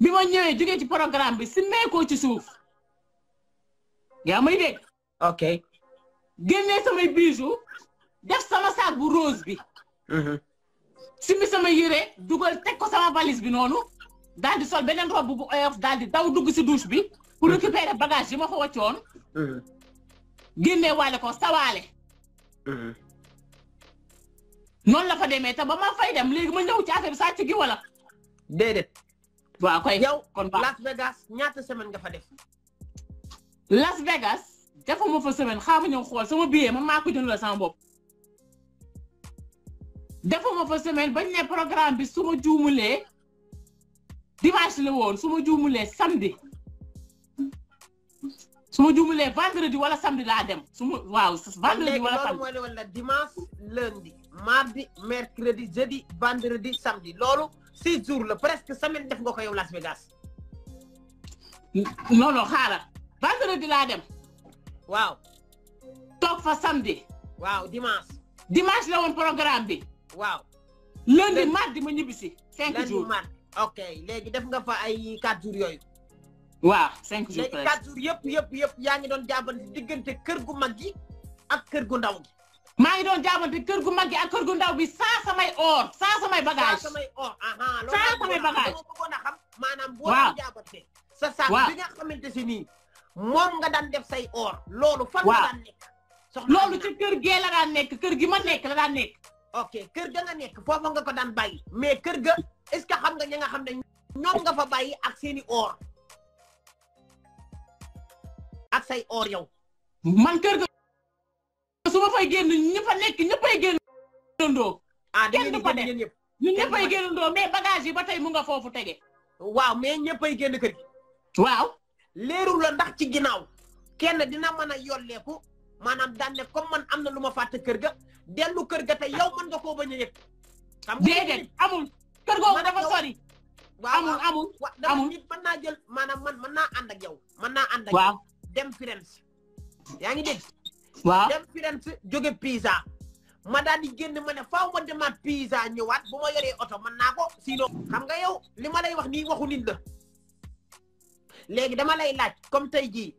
mi ma ñëwee jógee ci programme bi si meekoo ci suuf yaa may dégg. ok génnee samay bijoux def sama saak bu roos bi. Mm-hmm. simi sama yére dugal teg ko sama valise bi noonu daal di sol beneen robe bu oyof daal di daw dugg si douche bi. pour mm-hmm. récupérer bagage yi ma fa wàccoon. Mm-hmm. génnee waale ko sawaale. noonu la fa demee te ba ma fay dem léegi ma ñëw ci affaire sa sàcc gi wala. déedéet. waaw koy yow kon Las Vegas ñaata semaine nga fa def. Las Vegas defuma fa semaine xaaral ma ñëw xool sama billet ma maa ko jënd la sama bopp. defuma fa semaine bañ ne programme bi su ma juumulee dimanche la woon su ma juumulee samedi su ma juumulee vendredi wala samedi laa dem suma waaw vendredi wala samedi dimanche lundi. mardi mercredi jeudi vendredi samdi loolu six jours la presque semaine def nga ko yow Las Vegas. non non xaaral laa dem. waaw. toog fa samdi waaw dimanche. dimanche la woon programme bi. waaw. lundi mardi ma ñibbisi. cinq jours lundi mardi ok léegi def nga fa ay quatre jours yooyu. waaw cinq jours léegi quatre jours yëpp yëpp yëpp yaa ngi doon jàppante diggante kër gu mag gi ak kër gu ndaw gi. maa ngi doon jaabante kër gu mag gi ak kër gu ndaw bi saa samay or saa samay bagage saa a xam maanaam sa saak bi nga xamante si nii moom nga daan def say or loolu fan nga daan loolu ci kër gee la daan nekk kër gi ma nekk la daan nekk ok kër ga nga nekk foofa nga ko daan bay mais kër ga est ce que xam nga ñi nga xam ne ñoom nga fa bay ak seeni or ak say or yow man kër ga nga fay génn ñëpp a nekk ñëppay génnandoo. ah kenn du ko def ñun génnandoo mais bagage yi ba tey mu foofu tege. waaw mais ñëppay génn kër gi. waaw la ndax ci ginnaaw kenn dina mën a yolleeku maanaam daan ne comme man am na lu ma fàtte kër ga dellu kër ga te yow mën nga koo bañ a yëg. xam nga déedéet amul kër googu dafa sori. amul amul waaw dama nit naa jël maanaam man mën naa ànd ak yow. mën naa ànd ak dem Firenze yaa ngi dégg. waaw dem firenze jóge Pisa ma daal di génn ma ne faaw ma demaat Pisa ñëwaat bu ma yoree oto mën naa ko sinon xam nga yow li ma lay wax nii waxu nit la léegi dama lay laaj comme tey jii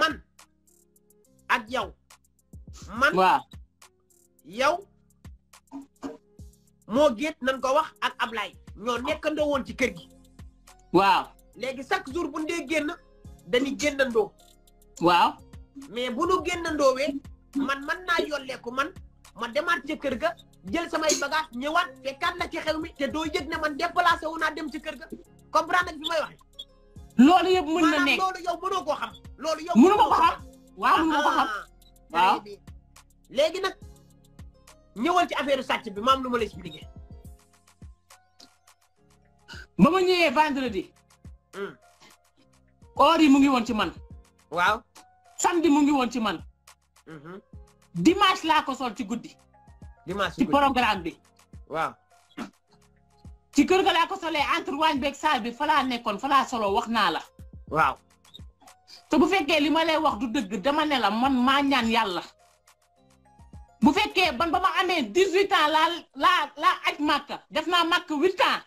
man ak yow man waaw yow moo géet nan ko wax ak Ablaye ñoo nekkandoo woon ci kër gi waaw léegi chaque jour bu ndee génn dañuy génnandoo waaw mais bu nu génn ndoowee man man naa yolleeku man ma demaat ca kër ga jël samay bagage ñëwaat fekkaat na ci xew mi te doo yëg ne man déplacé wu naa dem ci kër ga comprendre nga fi may waxee. loolu yëpp mën na nekk maanaam loolu yow mënoo koo xam. loolu yow mënoo ko xam waaw mënoo ko xam ah, ah. léegi nag ñëwal ci affaire sàcc bi mam lu ma la expliqué. ba ma ñëwee vendredi. Hmm. or yi mu ngi woon ci man. waaw. samedi mu ngi woon ci man. Mhm. dimanche laa ko sol ci guddi. dimanche ci programme bi. waaw. ci kër ga laa ko solee entre waañ beeg saal bi falaa nekkoon falaa solo wax naa la. waaw. te bu fekkee li ma lay wax du dëgg dama ne la man maa ñaan yàlla. bu fekkee ban ba ma amee dix huit ans laa la laa aj màkka def naa màkk huit ans.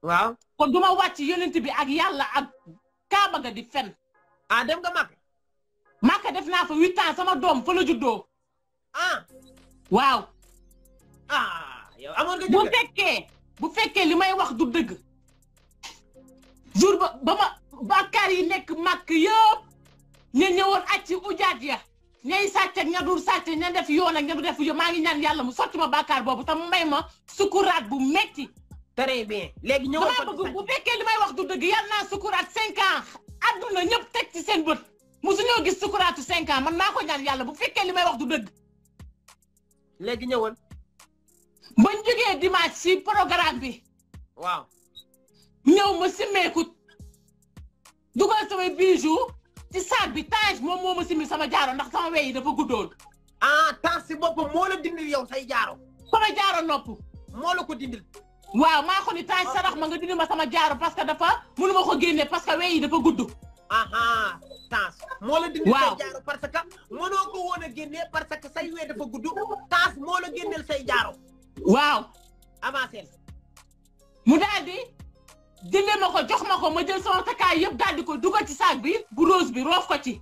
waaw kon du ma wàcc yonent bi ak yàlla ak kaaba ga di fen. a ah, dem nga màkk. def naa fa huit sama doom fa la juddoo. ah. waaw. Ah, yow amoon nga bu fekkee bu fekkee li may wax du dëgg. jour ba ba ma bàkkaar yi nekk màkk yëpp ña ñëwoon àcc ujaat ya ñay sàcc ak ña dul sàcc ña def yoon ak ña du def yoon maa ngi ñaan yàlla mu sotti ma bàkkaar boobu tam may ma sukuraat bu metti très bien léegi ñëwoon bu fekkee li may wax du dëgg yàlla naa sukuraat cinq ans àdduna ñëpp teg ci seen bët. musuñoo gis sukuraatu cinq ans man maa ko ñaan yàlla bu fekkee li may wax du dëgg. léegi ñëwal. bañ jógee dimanche si programme bi. waaw. ñëw ma simmeeku dugal samay bijoux ci saag bi Tange moom moo ma simmi sama jaaro ndax sama wey yi dafa guddoon. ah Tange si boppam moo la dindil yow say jaaro. sama jaaro nopp. moo la ko dindil. waaw maa ko ni Tange ah. sarax ma nga dindi ma sama jaaro parce que dafa mënu ko génne parce que wey yi dafa gudd. aha taas moo la dindi say jaaro parce que mënoo ko woon a que say wee dafa gudd taas moo la say jaaro waaw mu daal di dindi ma ko jox ma ko ma jël sama takkaay yëpp daal di ko dugal ci saag bi bu bi roof ko ci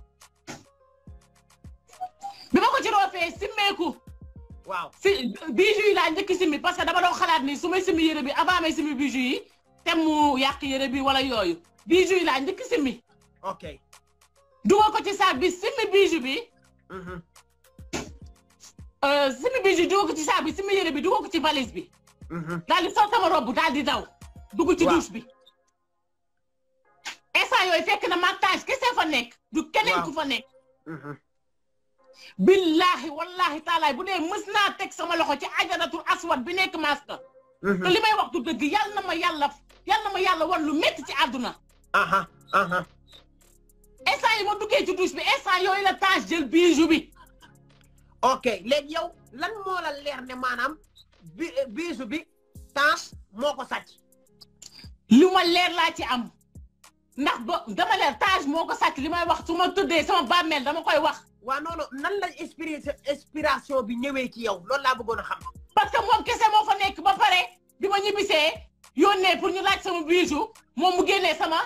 bi ma ko ci roofee simmeeku waaw si bijou yi laa njëkk simmi parce que dama doon xalaat ni su may simmi yére bi avant may simmi bijou yi te mu yàq bi wala yooyu bijou yi laa njëkk simmi ok dugal ko ci saak bi simmi bijou bi. Mhm. Euh, simmi bijou dugal ko ci saak bi simmi yére bi dugal ci valise bi. Mhm. daal di sol sama robe daal di daw. dugg ci douche bi. instant yooyu fekk na montage kese fa nekk. du keneen fa nekk. Mhm. billahi wallahi taalaay bu dee mës naa teg sama loxo ci ajaratul aswad bi nekk maska. te may wax du dëgg yàlla na ma yàlla yàlla na ma yàlla war lu métti ci àdduna. instant yi ma duggee ci douche bi instant yooyu la taas jël bijou bi ok léegi yow lan moo la leer ne maanaam bi eh, bijou bi taas moo ko sàcc li ma leer laa ci am ndax ba dama leer taas moo ko sàcc li may wax su ma tuddee sama bàmmeel dama koy wax waa non non nan la inspiration bi ñëwee ci yow loolu laa bëggoon a xam parce que moom kese moo fa nekk ba pare bi ma ñibbisee yónnee pour ñu laaj sama bijou moo mu génnee sama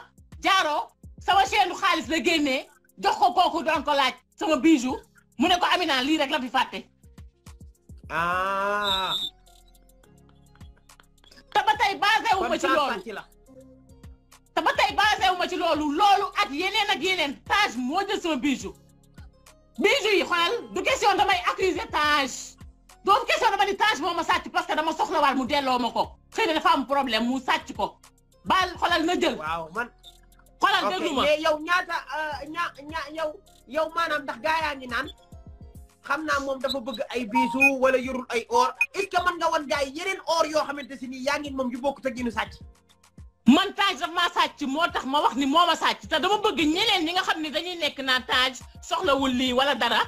jaaroo sama chaîne xaalis la génnee jox ko kooku doon ko laaj sama bijou mu ne ko Amina lii rek la fi fàtte. tay ah. te ba tey basé wu ma ci loolu te ba tey wu ma ci loolu loolu ak yeneen ak yeneen Tange moo jël sama bijou. bijou yi xoolal du question damay accuser Tange doon question dama ni Tange moo ma sàcc parce que dama soxlawaat mu delloo ma ko xëy na dafa am problème mu sàcc ko baal xoolal na jël. xoolal déglu ma mais yow ñaata euh, ñaa ñaa yow yow maanaam ndax gaa yaa ngi naan xam naa moom dafa bëgg ay biisu wala yorul ay or est-ce que mën nga wan gaa yi yeneen or yoo xamante si nii yaa ngi moom bokku bokk te ginu sàcc man taaj daf ma sàcc moo tax ma wax ni moo ma sàcc te dama bëgg ñeneen ñi nga xam ne dañuy nekk naa taaj soxlawul lii wala dara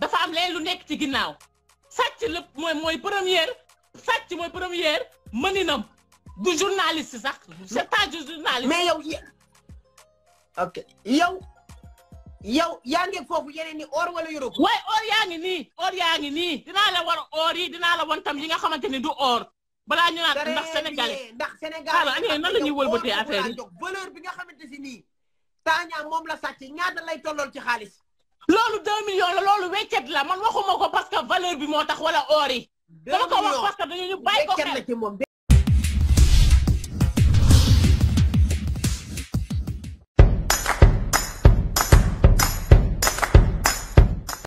dafa am leen lu nekk ci ginnaaw sàcc la mooy mooy première sàcc mooy première mëninam du journaliste sax c'est pas du journaliste mais yow ok yow yow yaa ngeen foofu yeneen ni or wala Europe. waaye or yaa ngi nii or yaa ngi nii dinaa la war or yi dinaa la won tam yi nga xamante ni du or. balaa ñu naan ndax sénégalais ndax sénégalais na la ñuy wëlbatee affaire yi valeur bi nga xamante si nii. Taaña moom la sàcc ñaata lay tollool ci xaalis. loolu 2 millions la loolu weccet la man waxuma ko que valeur bi moo tax wala or yi. dama ko wax parce dañu ñu bàyyi ko xel